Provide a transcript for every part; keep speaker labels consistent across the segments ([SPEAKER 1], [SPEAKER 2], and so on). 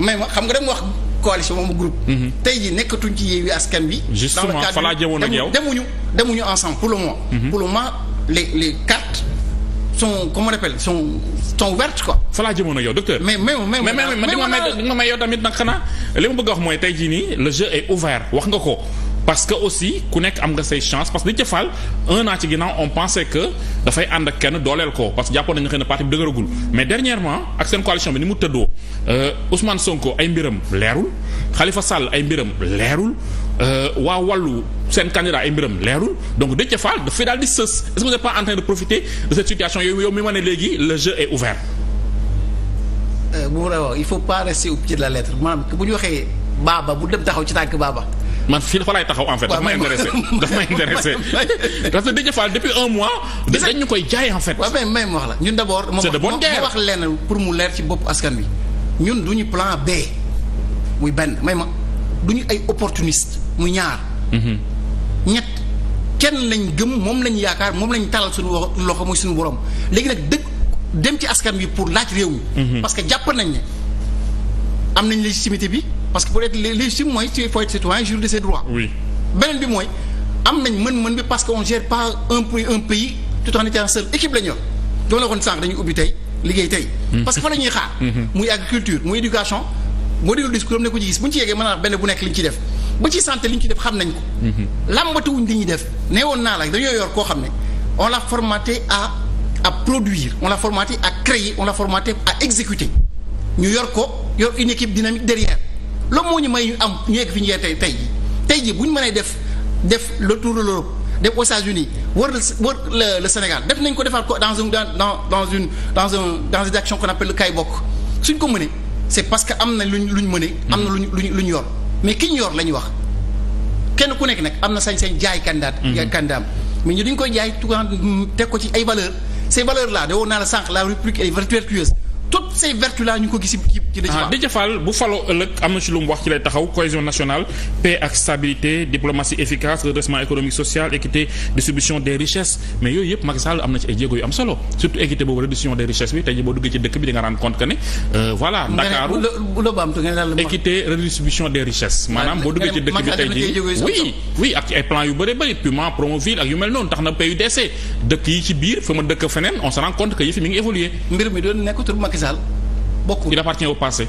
[SPEAKER 1] mais ma xam nga dem wax coalition moom groupe. tey ji nekkatuñ ci Yewwi Askan Wi. dans le cadre demuñu demuñu demuñu ensemble pour le moment. pour le moment les les cartes sont comment on appelle sont sont ouvertes quoi. fa laa jëmoon ak yow docteur. mais mais mais mais mais
[SPEAKER 2] mais yow tamit nag xanaa li ma bëgg a wax mooy tey jii nii le jeu est ouvert wax nga ko. parce que aussi ku nekk am nga say chance parce que Déthié Fall un an ci ginnaaw on pensait que dafay ànd ak kenn dooleel ko parce que jàppoon nañu xëy na parti bi dëgëragul mais dernièrement ak seen coalition bi ni mu tëddoo euh, Ousmane Sonko ay mbiram leerul Khalifa Sall ay mbiram leerul euh, waa wàllu seen candidat ay mbiram leerul donc Déthié Fall dafay daal di sës est-ce que vous n'êtes pas en de profiter de cette situation yow yow mi ma ne léegi le jeu est ouvert.
[SPEAKER 1] Euh, il faut pas rester au pied de la bu ñu waxee baaba bu dem taxaw ci tànk baaba.
[SPEAKER 2] man fii fa laay taxaw en fait. daf ma intéressé
[SPEAKER 1] daf ma depuis un mois. dañ ñu koy jaay en fait. waaw mais même wax la ñun d' abord. c' wax lenn pour mu leer ci bopp askan wi ñun du ñu plan B muy benn may ma du ñu ay opportuniste muy ñaar. Mhm. ñett kenn lañ gëm moom lañ yaakaar moom lañ talal suñu loxo muy suñu borom léegi nag dëkk dem ci askan wi pour laaj réew mi. Mhm. parce que jàpp nañ ne am nañ légitimité bi. parce que pour être légitime mooy tu faut être citoyen jure de ses droits. beneen bi mooy am nañ mën-mën bi parce que on gère pas un pays un pays tout en étant seul équipe la ñu yor doon dañuy ubbi tey liggéey tey. Mhm. parce que fa la ñuy xaar. Mhm. muy agriculture muy éducation boo déglu discours am ne ko ci gis bu ñu ci yeggee mën nekk ci def ba ci santé li ci def xam nañ ko. Mhm. làmbatuwuñ li ñuy def nee woon naa la dañoo yor koo xam ne on l'a formaté a à produire on l'a formaté à créer on l'a formaté ñu yor ko yor une équipe dynamique derrière. loolu moo ñu may ñu am ñu yegg fi ñu yee tey tey ji tey ji bu ñu mënee def def le tour de l'Europe def aux États-Unis wër wër le Sénégal def nañ ko defaat ko dans une dans dans une dans un dans une action qu'on appelle le kay bokk suñ ko mënee c'est parce que am na luñ luñ mënee. am na mm. luñ luñ luñ yor mais ki ñu yor la ñu wax kenn ku nekk nag am na sañ-sañ jaay kandidaat. Mm-hmm. jaay kandidaam mais ñu dañ koy jaay tout teg ko ci ay valeurs ces valeurs là de woon naa la sànq la rubrique est vertueuse. toutes ces vertus là ñu ko gis ci ci ah,
[SPEAKER 2] la bu faloo ëllëg am na ci lu mu wax ci lay taxaw cohésion nationale paix ak stabilité diplomatie efficace redressement économique social équité distribution des richesses mais yooyu yëpp Macky Sall am na ci ay jéego yu am solo surtout équité boobu redistribution des richesses bi tey boo duggee ci dëkk bi di nga rendre ne euh, voilà. Ndakaaru équité redistribution des richesses. maanaam boo duggee ci dëkk bi tey jii Sall bokkul. il appartient au passé.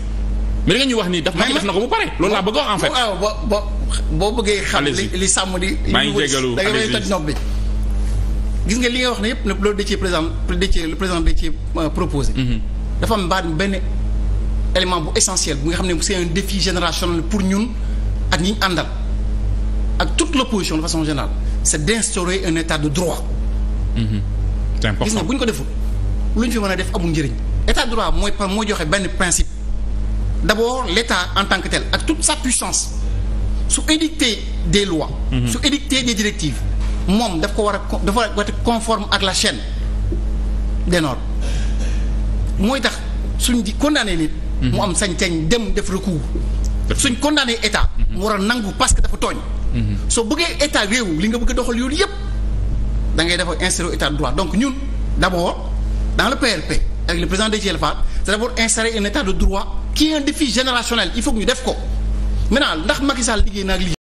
[SPEAKER 2] mais
[SPEAKER 1] li nga ñu wax nii daf Macky def na ko bu pare. loolu laa bëgg wax en fait waaw boo bëggee. xam li sàmm di. maa ngi jégalu da ngay toj gis nga li ngay wax ne yëpp loolu da ciy président da ciy le président da ciy euh, proposé. Mhm. dafa am baat élément bu essentiel bu nga xam ne c'est un défi générationnel pour ñun ak ñi ñu àndal ak toute l'opposition de façon générale c'est d'instaurer un état de droit.
[SPEAKER 2] Mhm. gis nga bu
[SPEAKER 1] ñu ko deful lu ñu fi mën a def amul njëriñ. état de droit mooy moo joxe benn principe d'abord l'état en tant que tel ak toute sa puissance su édicter des lois mhm. su édicter des directives moom daf ko war a dafa war conforme ak la chaine denor mooy tax suñ di condamné nit mu mhm. am sañ-sañ dem def recours suñ condamné état mhm. mu war a nangu parce que dafa tooñ soo bëggee état réew li nga bëgg a doxal yooyu yëpp da ngay dafa instauré état de droit donc ñun d'abord dans le PRP avec le président Déthié Fall Fall c'est d'abord installer un état de droit qui est un défi générationnel il faut que ñu def ko maintenant ndax Macky Sall liggéey na ak liggéey